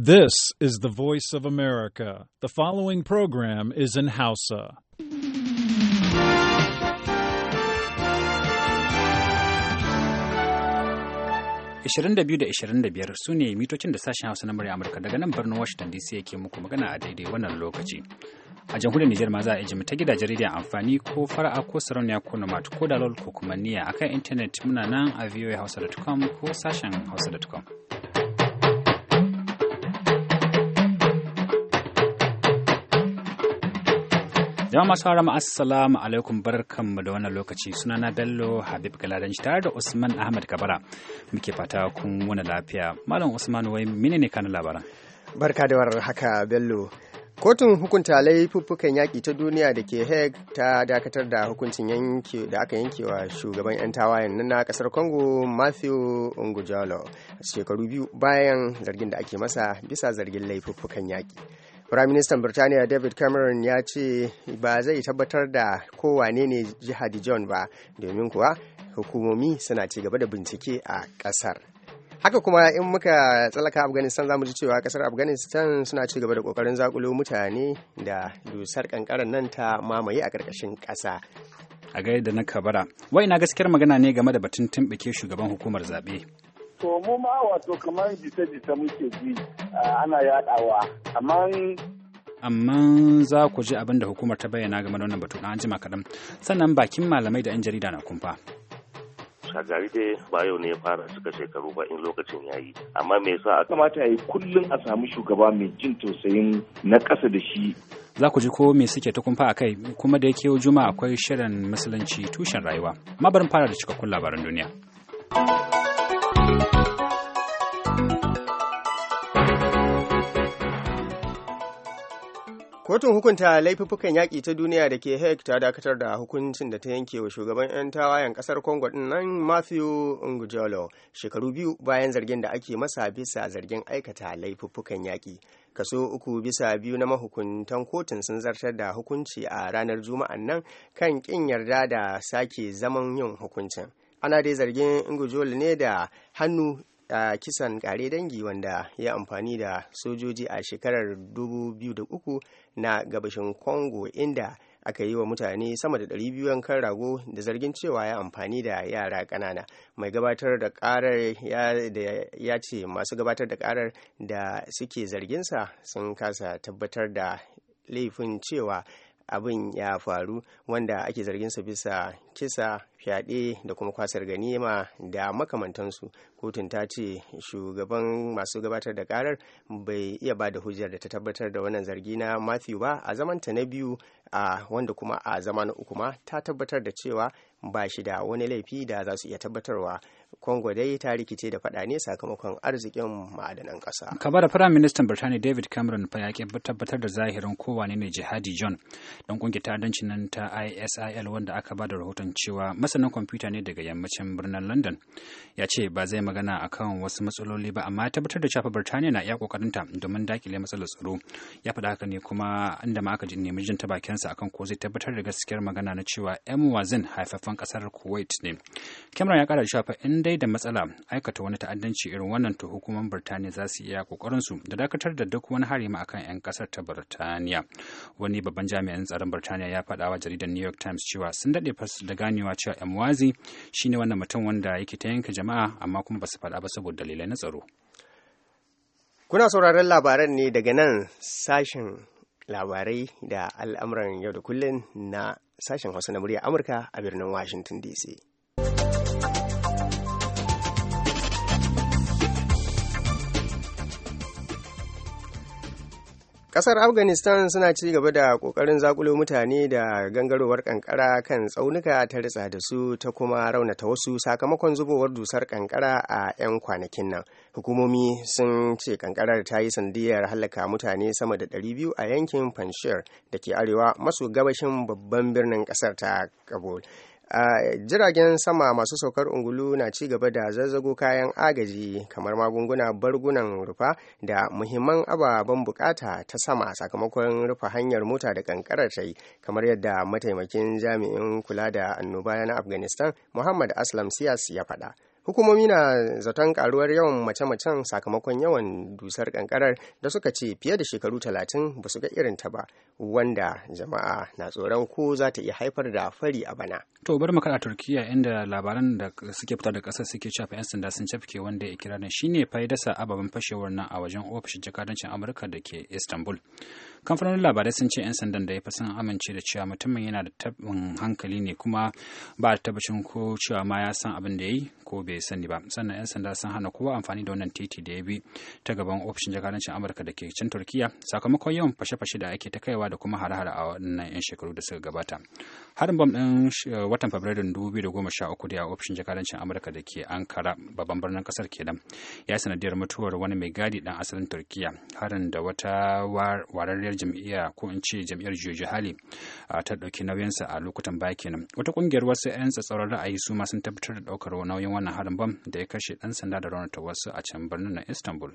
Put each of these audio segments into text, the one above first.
This is the voice of America. The following program is in Hausa. Ishirin da biyu da ishirin da biyar su ne mitocin da sashen Hausa na murya Amurka daga nan birnin Washington DC yake muku magana a daidai wannan lokaci. A jamhuriyar Nijar ma za a ijimi ta gidajen rediyon amfani ko fara'a ko sarauniya ko nomad ko dalol ko kuma niyya akan intanet muna nan a voahausa.com ko sashen hausa.com. jama'a masu harama assalamu alaikum barkanmu da wannan lokaci sunana Bello Habib galadan shi tare da Usman Ahmad Kabara muke fata kun wani lafiya. Malam Usman wai ne kanin labaran? Barka da war haka Bello. Kotun hukunta laifuffukan yaƙi ta duniya da ke Hague ta dakatar da hukuncin yanke da aka yanke wa shugaban 'yan tawayen na kasar Congo Matthew Ngujalo shekaru biyu bayan zargin da ake masa bisa zargin laifuffukan yaƙi. Firaministan Birtaniya David Cameron ya ce ba zai tabbatar da kowane ne jihadi John ba domin kuwa hukumomi suna ci gaba da bincike a kasar haka kuma in muka tsalaka afghanistan za mu ji cewa kasar afghanistan suna ci gaba da kokarin zakulo mutane da dusar kankaran nan ta mamaye a karkashin kasa a gaida na kabara wai na gaskiyar magana ne game da batun tumbike shugaban hukumar zaɓe To mu ma wato kamar jita-jita muke ji ana yadawa amma amma za ku ji abin da hukumar ta bayyana game da wannan batu na jima kaɗan sannan bakin malamai da 'yan jarida na kumfa. shagari dai ba yau ne ya fara suka shekaru ba in lokacin ya yi amma me yasa a kamata ya yi kullum a samu shugaba mai jin tausayin na kasa da shi za ku ji ko me suke ta kumfa a kai kuma da yake juma akwai shirin musulunci tushen rayuwa mabarin fara da cikakkun labaran duniya Kotun hukunta laifuffukan yaƙi ta duniya da ke Hague ta dakatar da hukuncin da ta yanke wa shugaban 'yan tawayen ƙasar Congo ɗin nan Matthew Ngujolo shekaru biyu bayan zargin da ake masa bisa zargin aikata laifuffukan yaƙi. Kaso uku bisa biyu na mahukuntan kotun sun zartar da hukunci a ranar Juma'an nan kan ƙin yarda da sake zaman yin hukuncin. Ana dai zargin Ngujolo ne da hannu a kisan kare dangi wanda ya amfani da sojoji a shekarar 2003 na gabashin congo inda aka yi wa mutane sama da 200 yankan rago da zargin cewa ya amfani da yara ƙanana mai gabatar da karar ya ce masu gabatar da karar da suke zarginsa sun kasa tabbatar da laifin cewa abin ya faru wanda ake zargin su bisa kisa fyaɗe da kuma kwasar ganima da makamantansu kotun ta ce shugaban masu gabatar da karar bai iya ba da hujjar da ta tabbatar da wannan zargi na matthew ba a zamanta na biyu a wanda kuma a zama na uku ma ta tabbatar da cewa ba shi da wani laifi da za su iya tabbatarwa Congo dai ta rikice da faɗa ne sakamakon arzikin ma'adanan kasa. Kamar da Firayim Ministan Birtaniya David Cameron fa ya tabbatar da zahirin kowane ne jihadi John don ƙungiyar ta'addanci nan ta ISIL wanda aka ba da rahoton cewa masanin kwamfuta ne daga yammacin birnin London. Ya ce ba zai magana akan wasu matsaloli ba amma ya tabbatar da cewa Birtaniya na iya ƙoƙarinta domin dakile matsalar tsaro. Ya faɗa haka ne kuma inda ma aka ji nemi jin ta bakinsa akan ko zai tabbatar da gaskiyar magana na cewa 'yan wazin haifaffen kasar Kuwait ne. Cameron ya kara da cewa inda dai da matsala aikata wani ta'addanci irin wannan to hukuman Birtaniya za su iya su da dakatar da duk wani hari ma akan 'yan kasar ta Birtaniya. Wani babban jami'in tsaron Birtaniya ya faɗa wa jaridar New York Times cewa sun daɗe fas da ganewa cewa shi ne wannan mutum wanda yake ta yanka jama'a amma kuma ba su faɗa ba saboda dalilai na tsaro. Kuna sauraron labaran ne daga nan sashen labarai da al'amuran yau da kullun na sashen Hausa na murya Amurka a birnin Washington DC. kasar afghanistan suna ci gaba da kokarin zakulo mutane da gangarowar kankara kan tsaunuka ta ritsa da su ta kuma raunata wasu sakamakon zubowar dusar kankara a 'yan kwanakin nan hukumomi sun ce kankarar ta yi sandiyar halaka mutane sama da 200 a yankin panshir da ke arewa maso gabashin babban birnin kasar ta kabul Uh, jiragen sama masu saukar ungulu na ci gaba da zazzago kayan agaji kamar magunguna bargunan rufa da muhimman ababen bukata ta sama sakamakon rufe hanyar mota da kankarar ta yi kamar yadda mataimakin jami'in kula da annoba na afghanistan muhammad aslam siyas ya faɗa. hukumomi na zaton karuwar yawan mace-macen sakamakon yawan dusar kankarar da suka ce fiye da shekaru talatin ba su ga irin ta ba wanda jama'a na tsoron ko za ta iya haifar da fari a bana to bar maka a turkiya inda labaran da suke fita da kasar suke shafa yan sanda sun cafke wanda ya kira ne shine faidasa ababen fashewar nan a wajen ofishin jakadancin amurka da ke istanbul kamfanonin labarai sun ce 'yan sandan da ya fi sun amince da cewa mutumin yana da tabin hankali ne kuma ba da tabbacin ko cewa ma ya san abin da ya yi ko bai sani ba sannan 'yan sanda sun hana kowa amfani da wannan titi da ya bi ta gaban ofishin jakadancin amurka da ke can turkiya sakamakon yawan fashe-fashe da ake ta kaiwa da kuma hare-hare a wannan 'yan shekaru da suka gabata harin bom ɗin eh, watan fabrairun 2013 da a ofishin jakadancin amurka da ke ankara babban birnin kasar kenan ya yi sanadiyar mutuwar wani mai gadi ɗan asalin turkiya harin da wata wararriyar jam'iyya ko in ce jam'iyyar joji hali ta ɗauki nauyinsa a lokutan baya kenan wata ƙungiyar wasu 'yan tsatsauran ra'ayi su ma sun tabbatar da ɗaukar nauyin wannan harin bom da ya kashe ɗan sanda da raunata wasu a can birnin na istanbul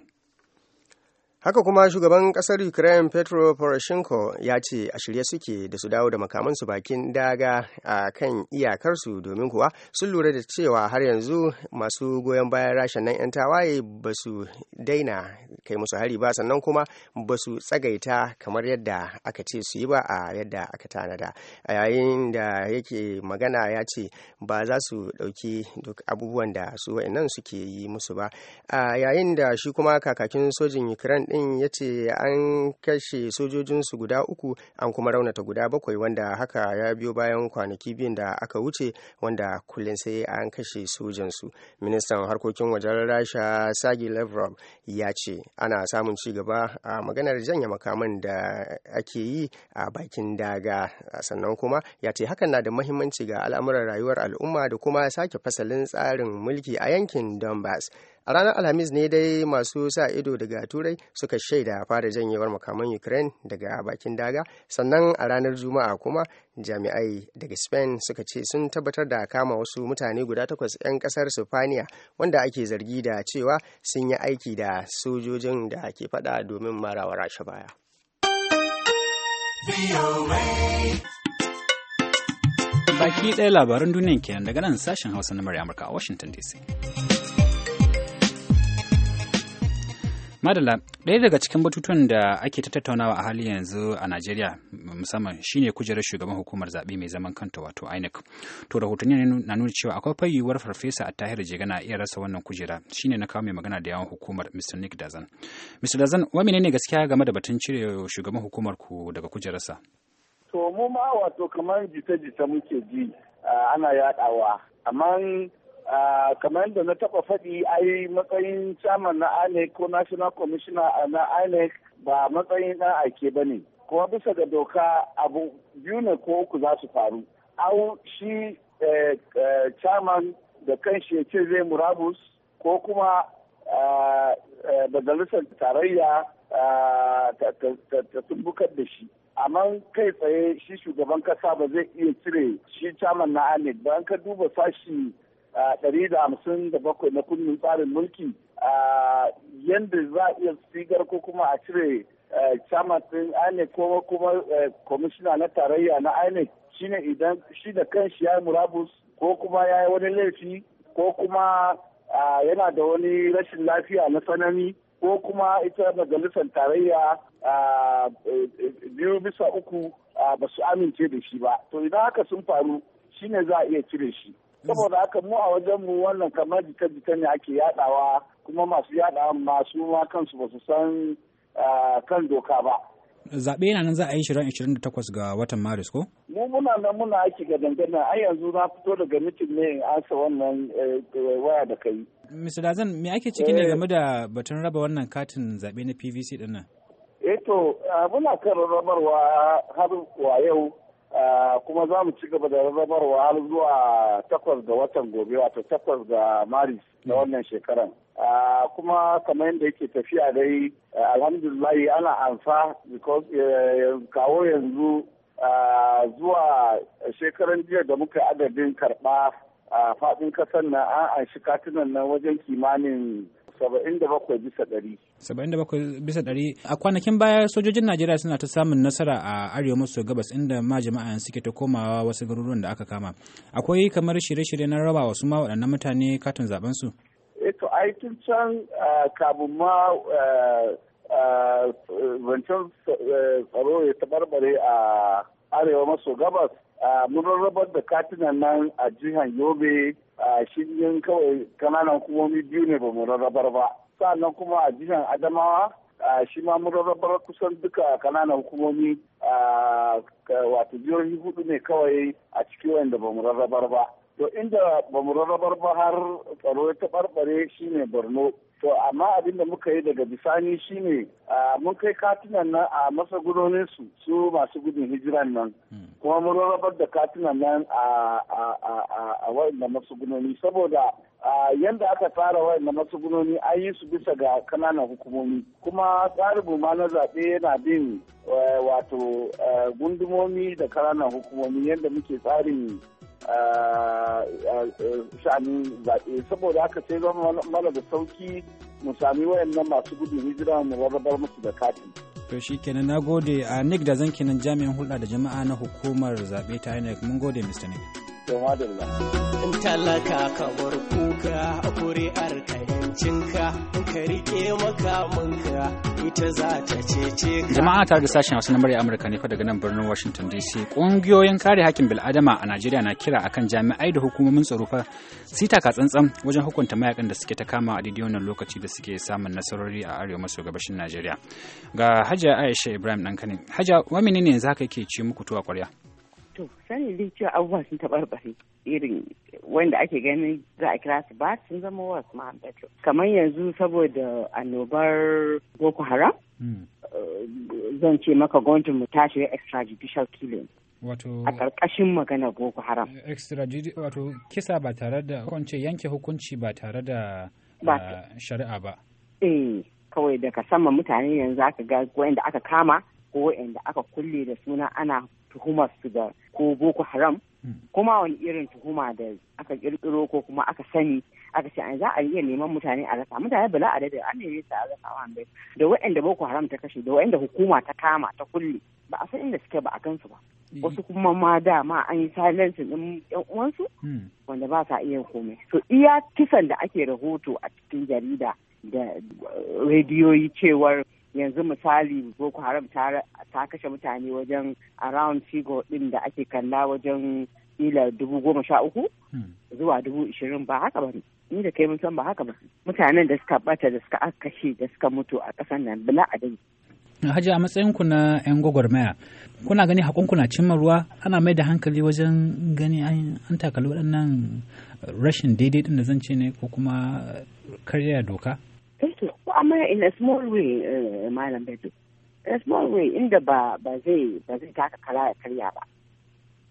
haka kuma shugaban ƙasar ukraine petro poroshenko ya ce a shirye suke da su dawo da makamansu bakin daga a kan iyakarsu domin kuwa sun lura da cewa har yanzu masu goyon bayan rashin nan 'yan tawaye ba su daina kai musu hari ba sannan kuma ba su tsagaita kamar yadda aka ce su yi ba a yadda aka tanada a yayin da yake magana ya ce ba za su ɗauki duk abubuwan da su wa'annan suke yi musu ba a yayin da shi kuma kakakin sojin ukraine din ya ce an kashe sojojinsu guda uku an kuma raunata guda bakwai wanda haka ya biyo bayan kwanaki biyun da aka wuce wanda kullum sai an kashe sojansu ministan harkokin wajen rasha sagi lavrov ya ce ana samun ci gaba a maganar janya makaman da ake yi a bakin daga sannan kuma ya ce hakan na da mahimmanci ga al'amuran rayuwar al'umma da kuma sake fasalin tsarin mulki a yankin donbass a ranar alhamis ne dai masu sa ido daga turai suka shaida fara janyewar makaman ukraine daga bakin daga sannan a ranar juma'a kuma jami'ai daga spain suka ce sun tabbatar da kama wasu mutane guda takwas 'yan kasar sufaniya wanda ake zargi da cewa sun yi aiki da sojojin da ke fada domin marawa rasha baya baki ɗaya labaran duniya kenan daga nan sashen hausa na murya amurka a washington dc Madala, ɗaya daga cikin batutuwan da ake ta tattaunawa a halin yanzu a Najeriya musamman shine kujerar shugaban hukumar zaɓe mai zaman kanta wato INEC. To rahotanni na nuna cewa akwai fayyuwar farfesa a tahir na iya rasa wannan kujera shine na kawo mai magana da yawan hukumar Mr. Nick Dazan. Mr. Dazan, wa ne gaskiya game da batun cire shugaban hukumar ku daga kujerarsa? To mu ma wato kamar jita-jita muke ji eh, ana yaɗawa amma kamar yadda na taɓa faɗi a yi matsayin chairman na INEC ko national commissioner na INEC ba matsayin ɗan ake ba ne kuma bisa ga doka abu biyu ne ko uku za su faru au shi eh, eh, chairman da kan shi ce zai murabus ko kuma majalisar tarayya ta tumbukar da shi amma kai tsaye shi shugaban kasa ba zai iya cire shi chairman na anec ba ka duba sashi ɗari da hamsin da bakwai na kundin tsarin mulki yadda za a iya sigar ko kuma a cire chairman ɗin INEC ko kuma komishina na tarayya na INEC shine idan shi da kanshi ya yi murabus ko kuma ya yi wani laifi ko kuma yana da wani rashin lafiya na tsanani ko kuma ita majalisar tarayya e, e, biyu bisa uku ba su amince da shi ba to idan haka sun faru shine za a iya cire shi saboda aka mu a wajen mu wannan kamar jita-jita ne ake yadawa kuma masu yadawa masu ma kansu ba su san kan doka ba zaɓe yana nan za a yi shirin 28 ga watan maris ko? mu muna nan muna aiki ga dangana ai yanzu na fito daga mitin ne in ansa wannan eh, eh, waya da kai Mr. Dazan me ake ciki ne eh. game da batun raba wannan katin zaɓe na PVC ɗin nan? Eto, muna kan rabarwa har wa yau Ah, kuma za mu ci gaba da rarrabarwa har zuwa takwas ga watan gobe wato takwas ga maris na wannan shekaran ah, kuma kamar yadda yake tafiya dai ah, alhamdulillahi ana amfa eh, kawo yanzu zuwa shekaran jiya da muka adadin karɓa a faɗin ƙasar na an anshi katunan nan wajen kimanin saba'in da bakwai bisa ɗari. bisa ɗari a kwanakin baya sojojin najeriya suna ta samun nasara a arewa maso gabas inda ma jama'a suke ta komawa wasu garuruwan da aka kama akwai kamar shirye-shirye na raba wasu ma waɗannan mutane katin zaben su. eto eh, ai tun can eh, kamun ma eh, zancen tsaro ya tabarbare a arewa maso gabas mun rarrabar da katinan nan a jihar yobe a shirin kawai kananan hukumomi biyu ne ba mu rarrabar ba sa'annan kuma a jihar adamawa shi ma mun rarrabar kusan duka kananan hukumomi wato jihohi hudu ne kawai a cikin wanda ba mu rarrabar ba to inda ba mu rarrabar ba har tsaro ya taɓarɓare shine borno to amma abinda muka yi daga bisani shine mun kai katunan nan a masa su masu gudun hijiran nan hmm. kuma mun rarrabar da katunan nan a wa'inda masu gudoni saboda yadda aka tsara wa'inda masu gudoni an yi su bisa ga kananan hukumomi kuma tsarin ma na zaɓe yana bin eh, wato eh, gundumomi da kananan hukumomi yadda muke tsarin sha'anin zaɓe saboda haka sai zama mana da sauki mu sami wayannan masu gudun hijira mu rarrabar musu da katin. To shi kenan na gode a Nick da zan kenan jami'in hulɗa da jama'a na hukumar zaɓe ta INEC mun gode Mr. Nick. Yawa da In talaka ka bar kuka, kuri'ar ka in ka riƙe makamanka. ita za ta cece ka. Jama'a tare da sashen Hausa na murya Amurka ne daga nan birnin Washington DC. Ƙungiyoyin kare hakkin bil'adama a Najeriya na kira akan jami'ai da hukumomin tsaro fa su taka tsantsan wajen hukunta mayakan da suke ta kama a daidai lokaci da suke samun nasarori a arewa maso gabashin Najeriya. Ga Hajiya Aisha Ibrahim Dankani. Hajiya, wa menene yanzu haka yake ce muku tuwa ƙwarya? to sani dai cewa abubuwa sun taɓarɓare irin wanda ake ganin za a kira su ba sun zama wasu ma'ambatu kamar yanzu saboda annobar boko haram hmm. eh, zan ce maka gwamnatin mu tashi extrajudicial killing wato a ƙarƙashin magana boko haram extrajudicial wato kisa ba tare da kwance yanke hukunci ba tare da ah, shari'a ba eh kawai daga sama mutane yanzu aka ga wanda aka kama ko wanda aka kulle da suna ana tuhumar su da ko boko haram hmm. kuma wani irin tuhuma da aka kirkiro ko kuma aka sani aka ce an za a iya neman mutane a rasa mutane bala a da an nemi sa a rasa wanda da waɗanda boko haram ta kashe da waɗanda hukuma ta kama ta kulle ba a san inda suke ba a kansu ba hmm. wasu kuma ma da ma an yi silencing din yan uwansu hmm. wanda ba sa iya komai so iya kisan da ake rahoto a cikin jarida da uh, rediyoyi cewar yanzu misali boko haram ta kashe mutane wajen around figure din da ake kalla wajen ila dubu goma sha uku hmm. zuwa dubu ishirin ba haka ba ni da kai mun san ba haka ba mutanen da suka bata da suka kashe da suka mutu a kasan nan bila adadi Haji a matsayinku na 'yan gwagwarmaya kuna gani hakunku na cimma ruwa ana mai da hankali wajen gani an takali waɗannan rashin daidai din da zan ce ne ko kuma karya doka? Eh amma in a small way eh, malam bejo in a small way inda ba zai ba zai taka kara a karya ba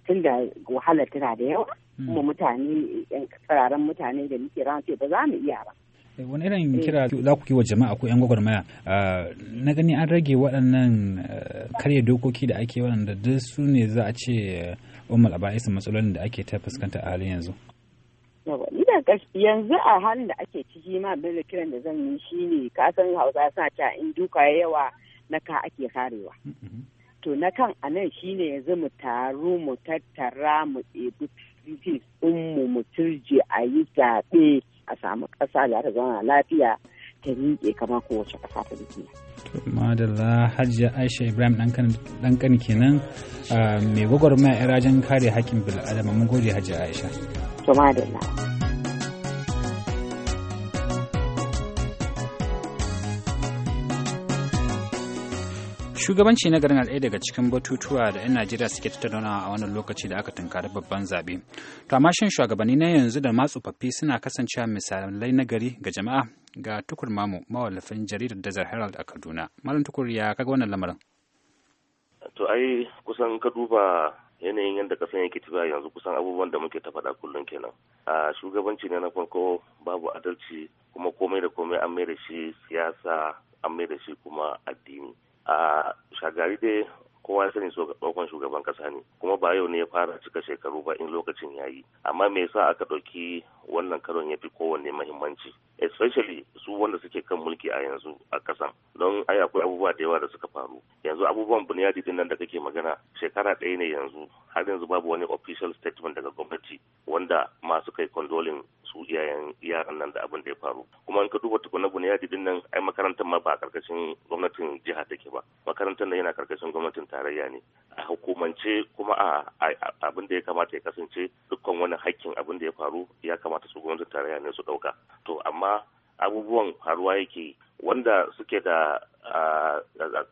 tunda wahalar tana da yawa hmm. kuma mutane yan tsararren mutane da muke ran ba za mu iya ba eh, wani irin kira za ku wa jama'a ko 'yan gwagwarmaya ah, na gani an rage waɗannan eh, karya dokoki da ake waɗanda duk su ne za a ce umar a matsalolin da ake ta fuskanta a halin yanzu Alal yanzu a halin da ake ciki ma bin kiran da zan yi shi ne ka san hausa sa ta in duka yawa na ka ake karewa. To na kan a nan shi ne yanzu mu taru mu tattara mu ɗebi fitis mu mu turje a yi zaɓe a samu ƙasa da ta zauna lafiya ta riƙe kamar kowace ƙasa ta duniya. madalla hajiya aisha ibrahim kan kenan ah, mai gwagwarmaya 'yan rajin kare haƙƙin bil'adama mun gode hajiya aisha. to madalla. shugabanci na garin ɗaya daga cikin batutuwa da 'yan najeriya suke tattaunawa a wannan lokaci da aka tunkari babban zaɓe to amma shin shugabanni na yanzu da ma tsofaffi suna kasancewa misalai na gari ga jama'a ga tukur mamu mawallafin jaridar desert herald a kaduna malam tukur ya kaga wannan lamarin to ai kusan ka duba yanayin yadda kasan yake tafiya yanzu kusan abubuwan da muke ta faɗa kullum kenan a shugabanci ne na farko babu adalci kuma komai da komai an mai da shi siyasa an mai da shi kuma addini a shagari dai kowa sani so ga ɗaukan shugaban kasa ne kuma ba yau ne ya fara cika shekaru ba in lokacin ya yi amma me yasa aka ɗauki wannan karon ya fi kowanne mahimmanci especially su wanda suke kan mulki a yanzu a ƙasan don ai akwai abubuwa da yawa da suka faru yanzu abubuwan bunyadi din nan da kake magana shekara ɗaya ne yanzu har yanzu babu wani official statement daga gwamnati wanda masu kai condoling su iyayen yaran nan da abin da ya faru kuma in ka duba tukuna bunyadi din karkashin gwamnatin jiha take ba makarantar nan yana karkashin gwamnatin tarayya ne a hukumance kuma a abin da ya kamata ya kasance dukkan wani hakkin abin da ya faru ya kamata su gwamnatin tarayya ne su dauka to amma abubuwan faruwa yake wanda suke da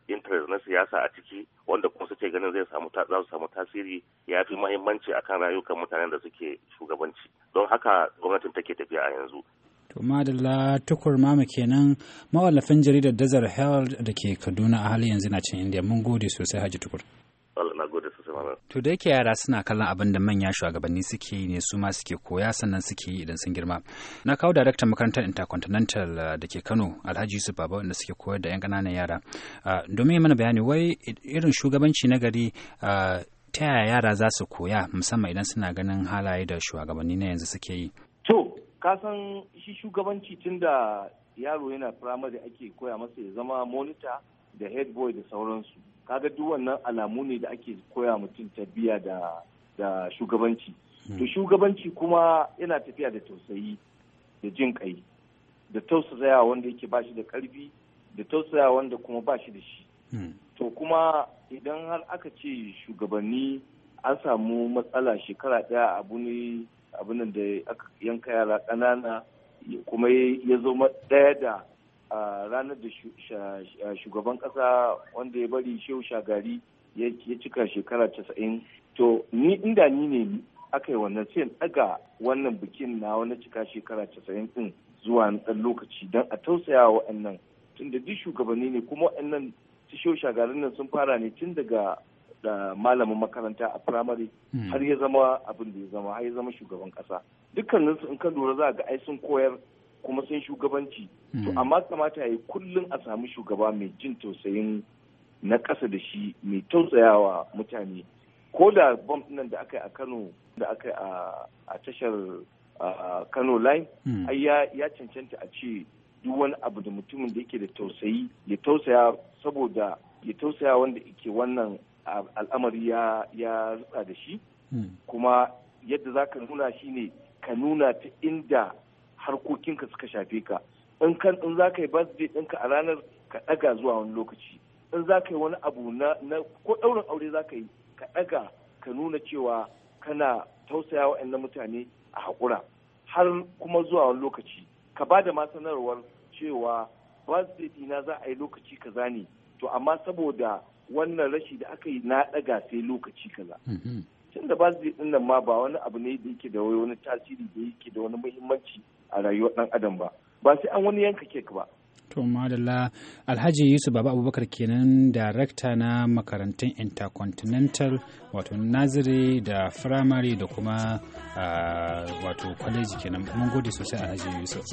interest na siyasa a ciki wanda kuma suke ganin zai samu za su samu tasiri ya fi mahimmanci akan rayukan mutanen da suke shugabanci don haka gwamnatin take tafiya a yanzu to madalla tukur mama kenan mawallafin jaridar desert herald da ke kaduna a hali yanzu na cin indiya mun gode sosai haji tukur to da yake yara suna kallon abin da manya shugabanni suke yi ne su ma suke koya sannan suke yi idan sun girma na kawo daraktan makarantar intercontinental uh, da ke kano alhaji yusuf baba wanda suke koyar da yan ƙananan yara uh, domin mana bayani wai irin shugabanci na gari uh, ta yaya yara za su koya musamman idan suna ganin halaye da shugabanni na yanzu suke yi kasan shi shugabanci tun da yaro yana firamare ake koya masa ya zama monitor da head boy da sauransu kaga duk wannan alamu ne da ake koya mutum ta da da shugabanci hmm. to shugabanci kuma yana tafiya da tausayi da jin kai da tausaya wanda yake bashi da karfi da tausaya wanda kuma ba shi da shi hmm. to kuma idan har aka ce shugabanni an samu matsala shekara daya abu ne abin da aka yanka yara ƙanana kuma ya zo ɗaya da ranar da shugaban ƙasa wanda ya bari shehu shagari ya cika shekara casa'in to ni inda ni ne aka yi wannan sai ɗaga wannan bikin na wani cika shekara casa'in ɗin zuwa ɗan lokaci don a tausaya wa wa'annan tunda duk shugabanni ne kuma wa'annan shehu garin nan sun fara ne tun daga da malamin makaranta a firamare hmm. har ya zama abin da ya zama har ya zama shugaban kasa dukkanin su in ka lura za ga ai sun koyar kuma sun shugabanci to hmm. amma kamata yayi kullum a samu shugaba mai jin tausayin na kasa da shi mai tausayawa mutane ko da bomb nan da aka yi a Kano da aka yi a tashar Kano line hmm. ai ya cancanta a ce duk wani abu da mutumin da yake da tausayi ya tausaya saboda ya tausaya wanda yake wannan al'amari ya ya rutsa da shi hmm. kuma yadda za ka nuna shi ne ka nuna ta inda harkokinka suka shafe ka in kan in za ka yi birthday ɗinka a ranar ka ɗaga zuwa wani lokaci in za ka yi wani abu na ko ɗaurin aure za ka yi ka ɗaga ka nuna cewa kana tausaya wa mutane a haƙura har kuma zuwa wani lokaci ka ba da ma sanarwar cewa birthday ɗina za a yi lokaci kaza ne to amma saboda wannan rashi da aka yi na ɗaga sai lokaci kaza mm-hmm. tun da su din nan ma ba wani abu ne da yake da wani tasiri da yake da wani muhimmanci a rayuwar ɗan adam ba ba sai an wani yanka kek ba To madalla Alhaji Yusuf Baba Abubakar kenan darakta na makarantun Intercontinental wato naziri da Firamare da kuma ah, wato kwaleji kenan mun gode sosai Alhaji Yusuf.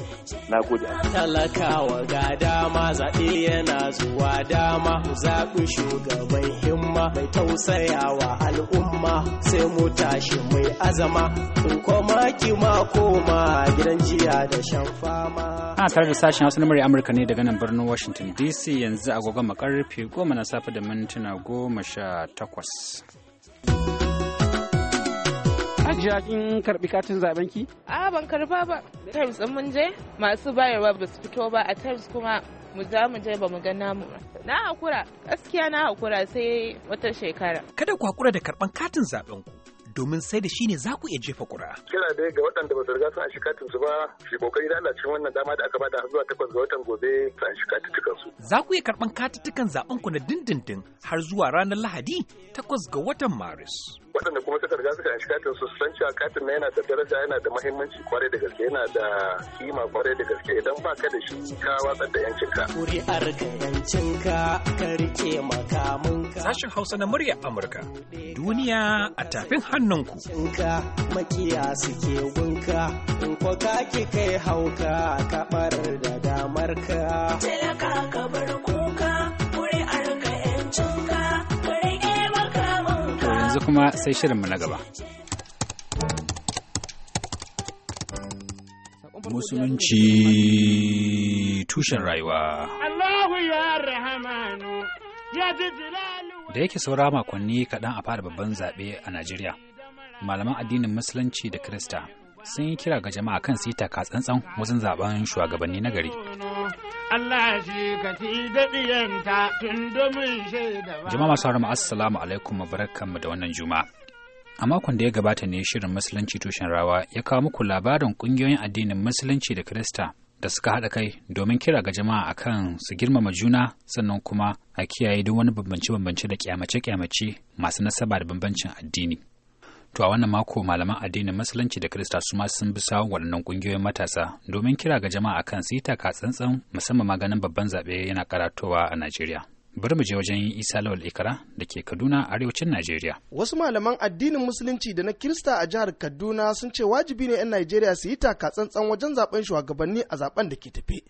Na gode. Talakawa ga dama zaɓe yana zuwa dama zaɓi shugaban himma mai tausayawa al'umma sai mu tashi mai azama in koma kima koma gidan jiya da shan fama. Ana tare da sashen Hausa na Amurka ne daga nan birnin Washington DC yanzu agogon makarfi goma na safe da mintuna goma sha takwas. Hajiya kin karbi katin zaben ki? A ban karba ba. Times in mun je masu bayarwa ba su fito ba a Times kuma mu za mu je ba mu ga namu na hakura gaskiya na hakura sai wata shekara. Kada ku hakura da karban katin zaben ku. domin sai da shi ne za ku iya jefa kura. Kira dai ga waɗanda ba su riga sun shiga katin su ba shi kokari da Allah cikin wannan dama da aka bada zuwa takwas ga watan gobe su shiga katuttukan su. Za ku iya karɓan katuttukan zaɓen ku na dindindin har zuwa ranar Lahadi takwas ga watan Maris. waɗanda kuma suka riga suka anshi katin su san cewa katin na yana da daraja yana da mahimmanci kwarai da gaske yana da kima kwarai da gaske idan ba ka da shi ka watsar da yancinka. Kuri'ar ga yancinka ka rike makaminka. Sashen Hausa na murya Amurka. Duniya a tafin hannunku. Cinka makiya suke gunka in ko ka ki kai hauka ka barar da damarka. Talaka ka yanzu kuma sai shirinmu na gaba. Musulunci tushen rayuwa. Da yake saura makonni kaɗan a fara babban zaɓe a Najeriya, malaman addinin Musulunci da Kirista sun yi kira ga jama'a kan su yi tsantsan wajen zaɓen shugabanni na gari. Allah shi ka ci daɗiyanta tun domin shaida ba. Jama'a masu haramu assalamu alaikum mu da wannan juma. A makon da ya gabata ne shirin Musulunci tushen rawa ya kawo muku labarin ƙungiyoyin addinin Musulunci da Kirista da suka haɗa kai domin kira ga jama'a akan su girmama juna sannan kuma a kiyaye duk wani bambance-bambance da kyamace-kyamace masu nasaba da bambancin addini. To a wannan mako malaman addinin Musulunci da Kirista su ma sun bi sawon waɗannan ƙungiyoyin matasa domin kira ga jama'a kan su yi taka tsantsan musamman maganin babban zaɓe yana karatowa a Najeriya. Bari mu je wajen Isa Lawal Ikara da ke Kaduna arewacin Najeriya. Wasu malaman addinin Musulunci da na Kirista a jihar Kaduna sun ce wajibi ne 'yan Najeriya su yi taka tsantsan wajen zaɓen shugabanni a zaɓen da ke tafe.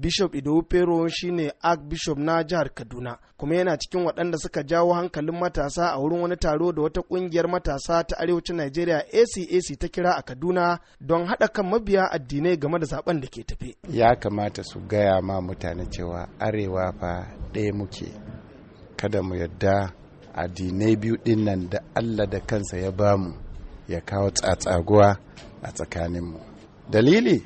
bishop ido pero shine archbishop na jihar kaduna kuma yana cikin waɗanda suka jawo hankalin matasa a wurin wani taro da wata ƙungiyar matasa ta arewacin najeriya acac ta kira a kaduna don haɗa kan mabiya addinai game da zaben da ke tafe ya kamata su gaya ma mutane cewa arewa fa ɗaya muke kada mu yadda addinai biyu ɗin nan da allah da kansa ya bamu ya kawo tsatsaguwa a tsakaninmu dalili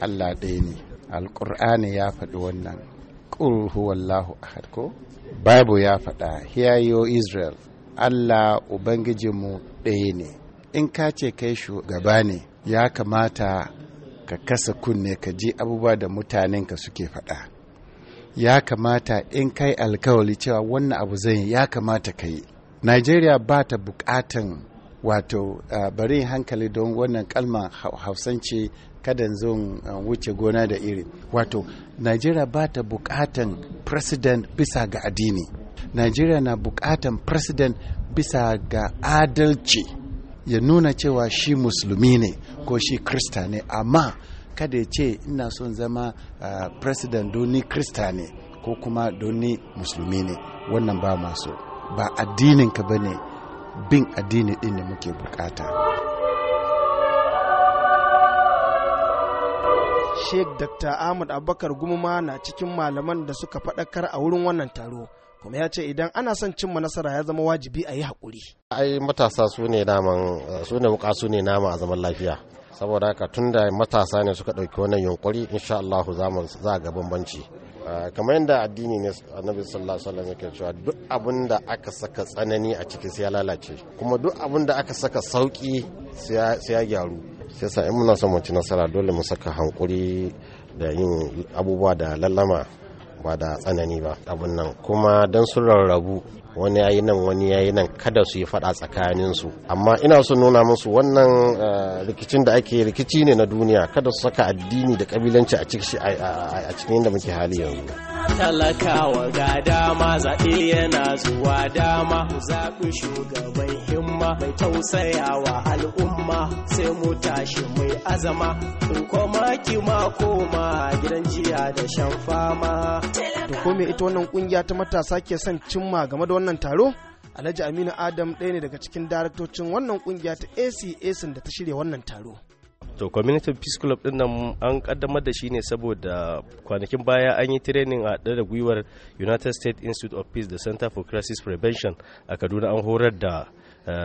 allah ɗaya ne Alƙur'ani ya faɗi wannan ƙul huwallahu ahad ko bible ya faɗa hiyayyo yo israel allah ubangijinmu ɗaya ne in ka ce kai shugaba ne ya kamata ka kasa kunne ka ji abubuwa da ka suke faɗa ya kamata in kai alkawali cewa wannan abu zai ya kamata ka yi Najeriya ba ta bukatan wato bari hankali don wannan kalma hausance kada zo wuce gona da iri wato najeriya ba ta bukatan president bisa ga addini najeriya na bukatan president bisa ga adalci ya nuna cewa shi musulmi ne ko shi krista ne amma kada ya ce ina son zama uh, president doni krista ne ko kuma doni musulmi ne wannan ba masu ba addinin ka bane bin addini ɗin da muke bukata Sheikh Dr. Ahmad Abubakar Gumuma na cikin malaman da suka faɗakar a wurin wannan taro. kuma ya ce idan ana son cimma nasara ya zama wajibi a yi hakuri. ai matasa su ne naman su ne wuka su ne nama a zaman lafiya saboda haka tunda matasa ne suka ɗauki wannan yunƙuri insha Allah za a ga bambanci Ah, kamar yadda addini ne annabi sallallahu alaihi wasallam yake cewa duk abin da aka saka tsanani a ciki sai ya lalace kuma duk abin da aka saka sauki sai ya gyaru sai sa in muna son mu ci nasara dole mu saka hankuri da yin abubuwa da lallama ba da tsanani ba abun nan kuma don sun rarrabu wani yayi nan wani yayi nan kada su yi faɗa tsakanin su amma ina so nuna musu wannan eh, rikicin da ake rikici ne na duniya kada su saka addini da kabilanci a cikin yadda muke hali yanzu talakawa ga dama zaɓe yana zuwa dama ku zaɓi shugaban himma mai tausayawa al'umma sai mu tashi mai azama in koma ki ma koma gidan jiya da shan fama. Da kome ita wannan kungiya ta matasa ke son cimma game da wannan wannan taro alhaji aminu adam ɗaya ne daga cikin daraktocin wannan kungiya ta acasin da ta shirya wannan taro to community peace club din nan an kaddamar da shi ne saboda kwanakin baya an yi training a da gwiwar united states institute of peace da center for crisis prevention a kaduna an horar da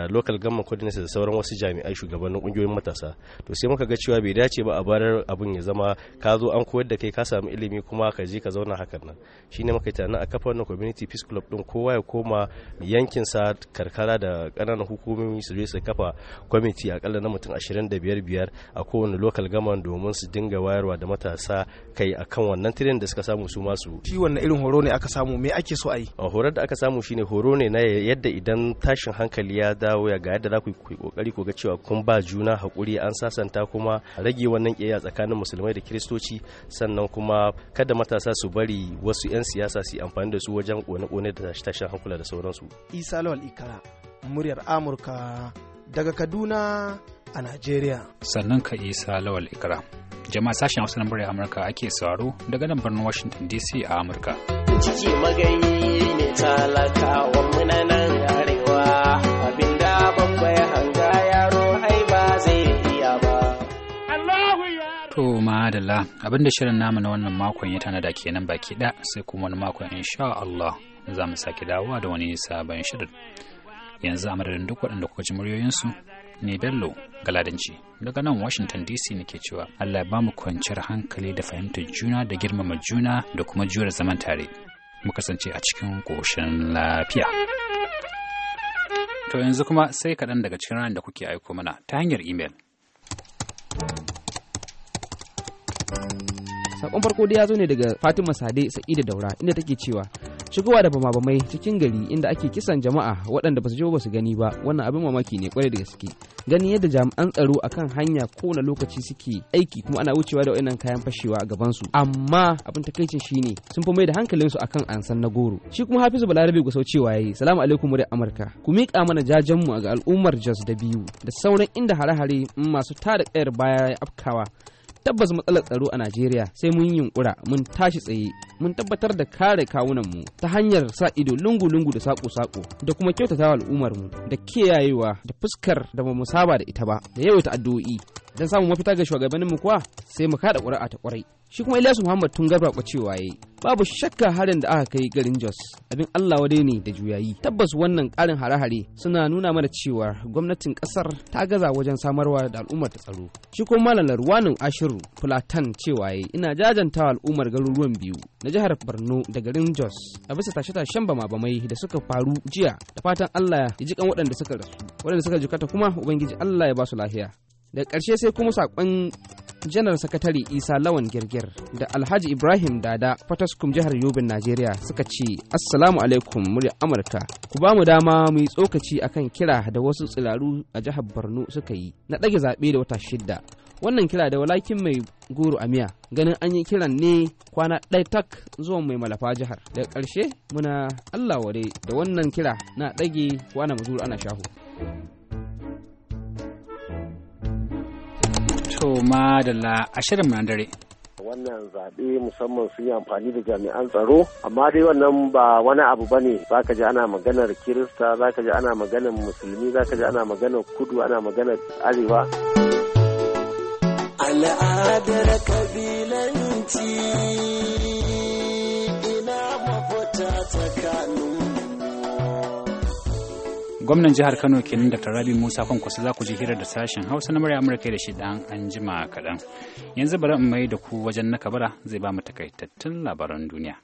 local government coordinator da sauran wasu jami'ai shugabannin kungiyoyin matasa to sai muka ga cewa bai dace ba a barar abun ya zama ka zo an koyar da kai ka samu ilimi kuma ka je ka zauna hakan nan shine muka yi tunanin a kafa wannan community peace club din kowa ya koma yankin sa karkara da ƙananan hukumomi su je su kafa committee akalla na mutum 25 biyar a kowane local government domin su dinga wayarwa da matasa kai akan wannan trend da suka samu su masu shi wannan irin horo ne aka samu me ake so a yi horar da aka samu shine horo ne na yadda idan tashin hankali ya dawo ya ga yadda za ku yi kokari ku ga cewa kun ba juna hakuri an sasanta kuma rage wannan kiyaya tsakanin musulmai da kiristoci sannan kuma kada matasa su bari wasu 'yan siyasa su amfani da su wajen kone-kone da tashin hankula da sauransu. Isa Lawal Ikara, muryar Amurka daga Kaduna a nigeria Sannan ka Isa Lawal Ikara. Jama'a sashen Hausa na muryar Amurka ake sauraro daga nan birnin Washington DC a Amurka. Ciki magani ne talakawa munanan abin abinda shirin namu na wannan makon ya tanada kenan baki ɗaya sai kuma wani makon insha Allah za mu sake dawowa da wani sabon shirin yanzu a madadin duk waɗanda kuka ji muryoyinsu ne bello galadanci daga nan washington dc nake cewa allah ya bamu kwanciyar hankali da fahimtar juna da girmama juna da kuma juyar zaman tare mu kasance a cikin koshin lafiya to yanzu kuma sai kaɗan daga cikin ranar da kuke aiko mana ta hanyar imel. sakon farko dai ya zo ne daga fatima sade sa'ida daura inda take cewa shigowa da bama-bamai cikin gari inda ake kisan jama'a waɗanda ba su je ba su gani ba wannan abin mamaki ne kwarai da gaske gani yadda jami'an tsaro akan hanya kowane lokaci suke aiki kuma ana wucewa da wayannan kayan fashewa a gaban su amma abin takaicin shine sun fi mai da hankalin su akan ansan na goro shi kuma hafizu balarabe gusau cewa yayi salamu alaikum muryar amurka ku miƙa mana jajen mu ga al'ummar jos da biyu da sauran inda hare-hare masu tada kayar baya ya afkawa tabbas matsalar tsaro a najeriya sai mun yunkura mun tashi tsaye mun tabbatar da kare kawunan mu ta hanyar sa ido lungu-lungu da sako-sako da kuma kyautata mu da kiyayewa da fuskar da ba mu saba da ita ba da yawaita addu'o'i don samun mafita ga mu kuwa sai mu kada ƙuri'a ta ƙwarai shi kuma Ilyasu Muhammad tun garba cewa yayi babu shakka harin da aka kai garin Jos abin Allah wadai ne da juyayi tabbas wannan ƙarin hare-hare suna nuna mana cewa gwamnatin ƙasar ta gaza wajen samarwa da al'ummar ta tsaro shi kuma malam Larwanin Ashiru Fulatan cewa yayi ina jajantawa al'ummar garuruwan biyu na jihar Borno da garin Jos a bisa tashe-tashen bama-bamai da suka faru jiya da fatan Allah ya ji kan waɗanda suka rasu waɗanda suka jikata kuma ubangiji Allah ya ba su lafiya da ƙarshe sai kuma saƙon janar sakatare isa lawan girgir da alhaji ibrahim dada fataskum jihar yobin najeriya suka ce assalamu alaikum murya amurka ku ba mu dama mu yi tsokaci akan kira da wasu tsiraru a jihar borno suka yi na ɗage zaɓe da wata shida wannan kira da walakin mai goro a miya ganin an yi kiran ne kwana ɗaya tak zuwa mai malafa jihar daga ƙarshe muna allah ware da wannan kira na ɗage kwana mazuru ana shahu To madalla a shirin na dare. wannan zaɓe musamman sun yi amfani da jami'an tsaro amma dai wannan ba wani abu ba ne za ka ji ana maganar kirista za ka ji ana maganar musulmi za ka ji ana maganar kudu ana maganar arewa al'adar kabilanci ina mafuta tsakanin gwamnan jihar kano kenan da tarabi musa kwankwasa za ku ji hirar da sashen hausa na murya amurka da shi dan an jima kaɗan yanzu bari in mai da ku wajen na kabara zai ba mu takaitattun labaran duniya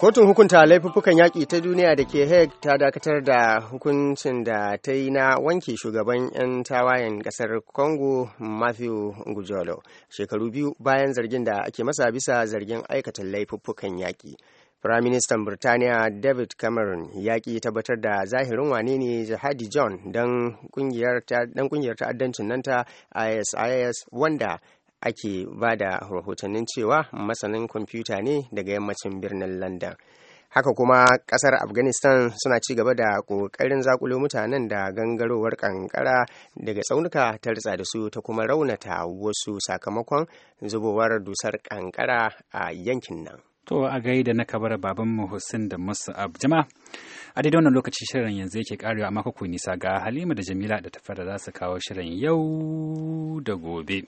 kotun hukunta laifuffukan yaƙi ta duniya da ke hague ta dakatar da hukuncin da ta yi na wanke shugaban 'yan tawayen ƙasar congo matthew gujolo shekaru biyu bayan zargin da ake masa bisa zargin aikata laifuffukan yaƙi Firaministan Birtaniya David Cameron yaƙi tabbatar da zahirin wane ne Jihadi John don ƙungiyar ta'addancin nan ta ISIS wanda ake ba da rahotannin cewa masanin kwamfuta ne daga yammacin birnin london haka kuma kasar afghanistan suna ci gaba da ƙoƙarin zakulo mutanen da gangarowar kankara daga tsaunuka ta ritsa da su ta kuma raunata wasu sakamakon zubowar dusar kankara a yankin nan To a gaida na kabara babanmu Hussein da musu Abjama. A daidai wannan lokaci shirin yanzu yake karewa amma ku nisa ga Halima da Jamila da tafara za su kawo shirin yau da gobe.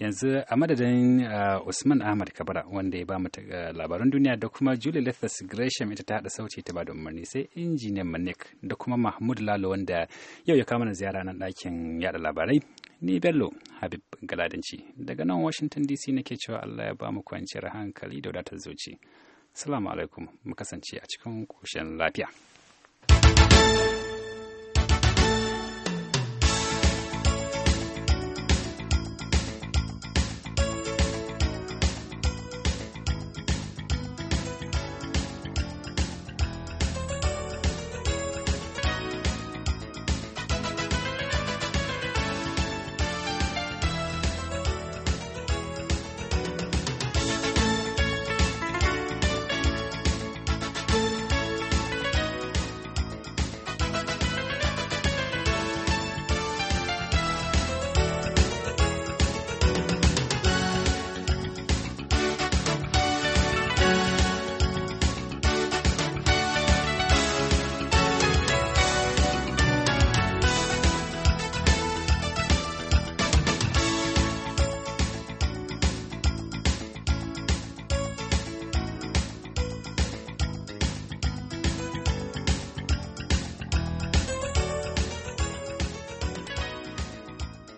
yanzu a madadin uh, usman ahmad kabara wanda ya ba mu uh, labaran duniya da kuma julie lethas gresham ita ta haɗa sauti ta ba da umarni sai injiniyan manik da kuma mahmud lalo wanda yau ya kama na ziyara nan ɗakin yada labarai ni bello habib galadanci daga nan washington dc nake cewa allah ya ba mu kwanciyar hankali da wadatar zuci salamu alaikum mu kasance a cikin koshin lafiya